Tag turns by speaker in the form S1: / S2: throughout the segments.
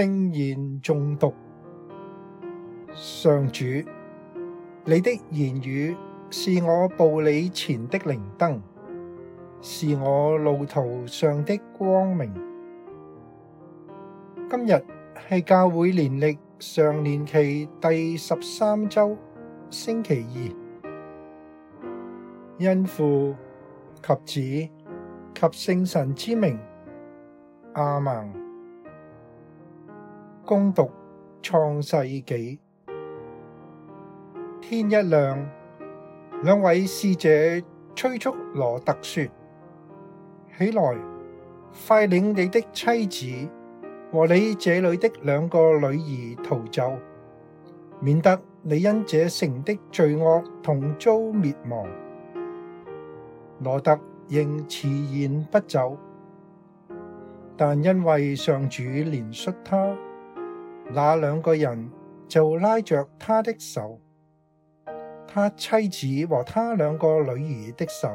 S1: 聖言誦讀，上主，你的言語是我步履前的靈燈，是我路途上的光明。今日係教會年曆常年期第十三周星期二，因父及子及聖神之名，阿門。恭讀創世紀，天一亮，兩位使者催促羅特說：起來，快領你的妻子和你這裏的兩個女兒逃走，免得你因這城的罪惡同遭滅亡。羅特仍遲延不走，但因為上主憐恤他。那兩個人就拉着他的手，他妻子和他兩個女兒的手，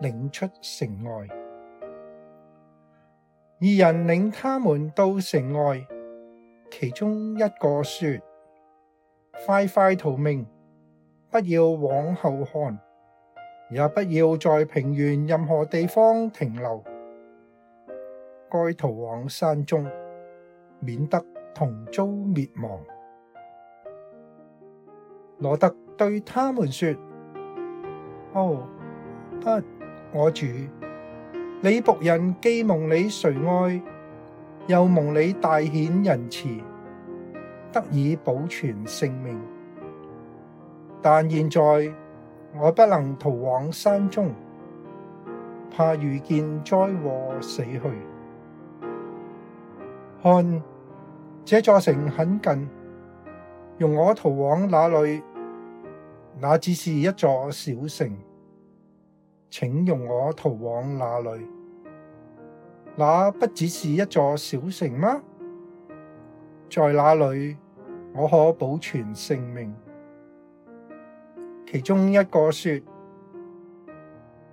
S1: 領出城外。二人領他們到城外，其中一個説：快快逃命，不要往後看，也不要在平原任何地方停留，該逃往山中，免得同遭滅亡。羅特對他們說：哦、oh, 啊，不，我主，你僕人既蒙你垂愛，又蒙你大顯仁慈，得以保存性命。但現在我不能逃往山中，怕遇見災禍死去。看。這座城很近，容我逃往那裏。那只是一座小城，請容我逃往那裏。那不只是一座小城嗎？在那裏，我可保全性命。其中一個說：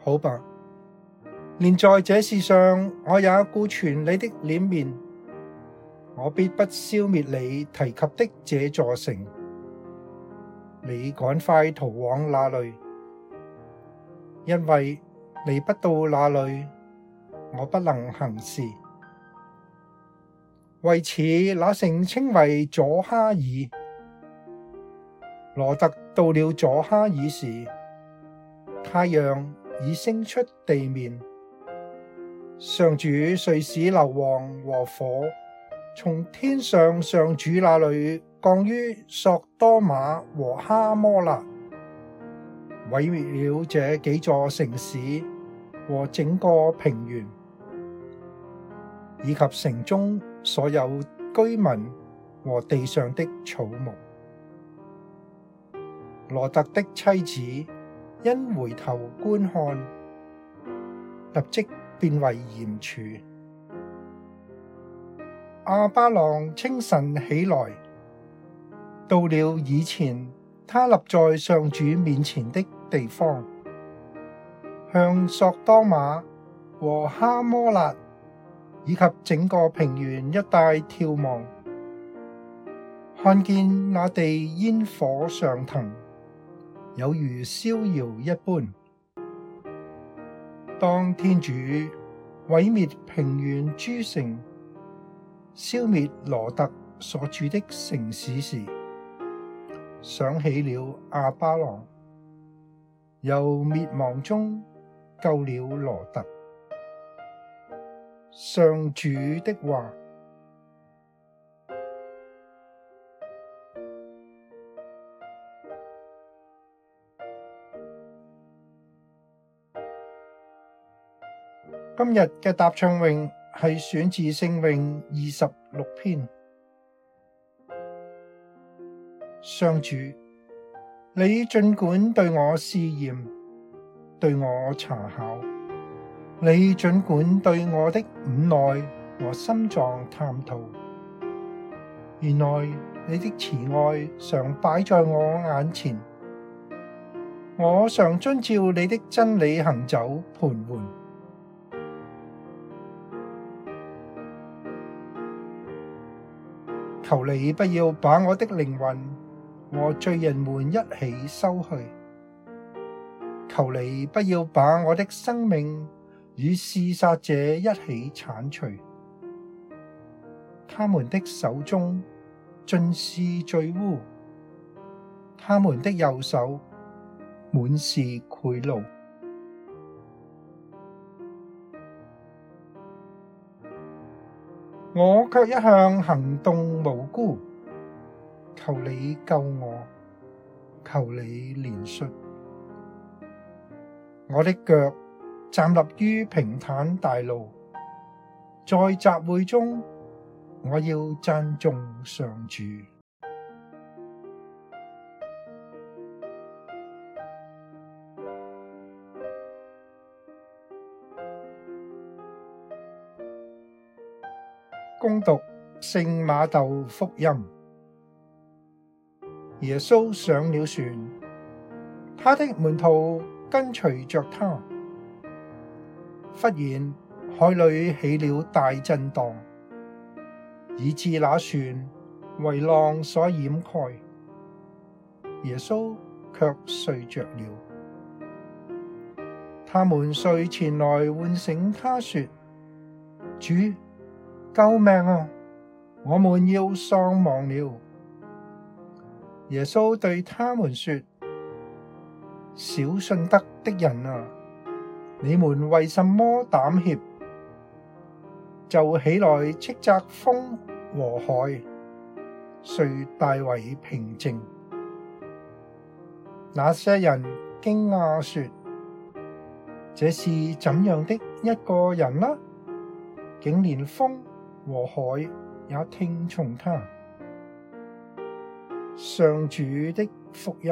S1: 好吧，連在這事上，我也顧全你的臉面。我必不消滅你提及的這座城。你趕快逃往那裏，因為你不到那裏，我不能行事。為此，那城稱為左哈爾。羅特到了左哈爾時，太陽已升出地面，上主遂使硫磺和火，從天上上主那裏降於索多瑪和哈摩辣，毀滅了這幾座城市和整個平原，以及城中所有居民和地上的草木。羅特的妻子因回頭觀看，立即變為鹽柱。亞巴郎清晨起來，到了以前他立在上主面前的地方，向索多瑪和哈摩辣，以及整個平原一帶眺望，看見那地煙火上騰，有如燒窰一般。當天主毀滅平原諸城，消滅羅特所住的城市時，想起了亞巴郎，由滅亡中救了羅特。上主的話：今日嘅答唱詠。係選自聖詠二十六篇。上主，你儘管對我試驗，對我查考，你儘管對我的五內和心臟探討，原來你的慈愛常擺在我眼前，我常遵照你的真理行走，盤桓。求你不要把我的靈魂和罪人們一起收去，求你不要把我的生命與嗜殺者一起鏟除。他們的手中盡是罪污，他們的右手滿是賄賂。我卻一向行動無辜，求你救我，求你憐恤。我的腳站立於平坦大路，在集會中，我要讚頌上主。讀聖馬竇福音，耶穌上了船，他的門徒跟隨着他。忽然海裏起了大震盪，以致那船為浪所掩蓋。耶穌却睡着了。他們遂前來喚醒他，說：主。救命啊！我們要喪亡了。耶穌對他們說：小信德的人啊，你們為什麼膽怯？就起來叱責風和海，遂大為平靜。那些人驚訝說：這是怎樣的一個人呢、啊？竟連風和海也聽從他，上主的福音。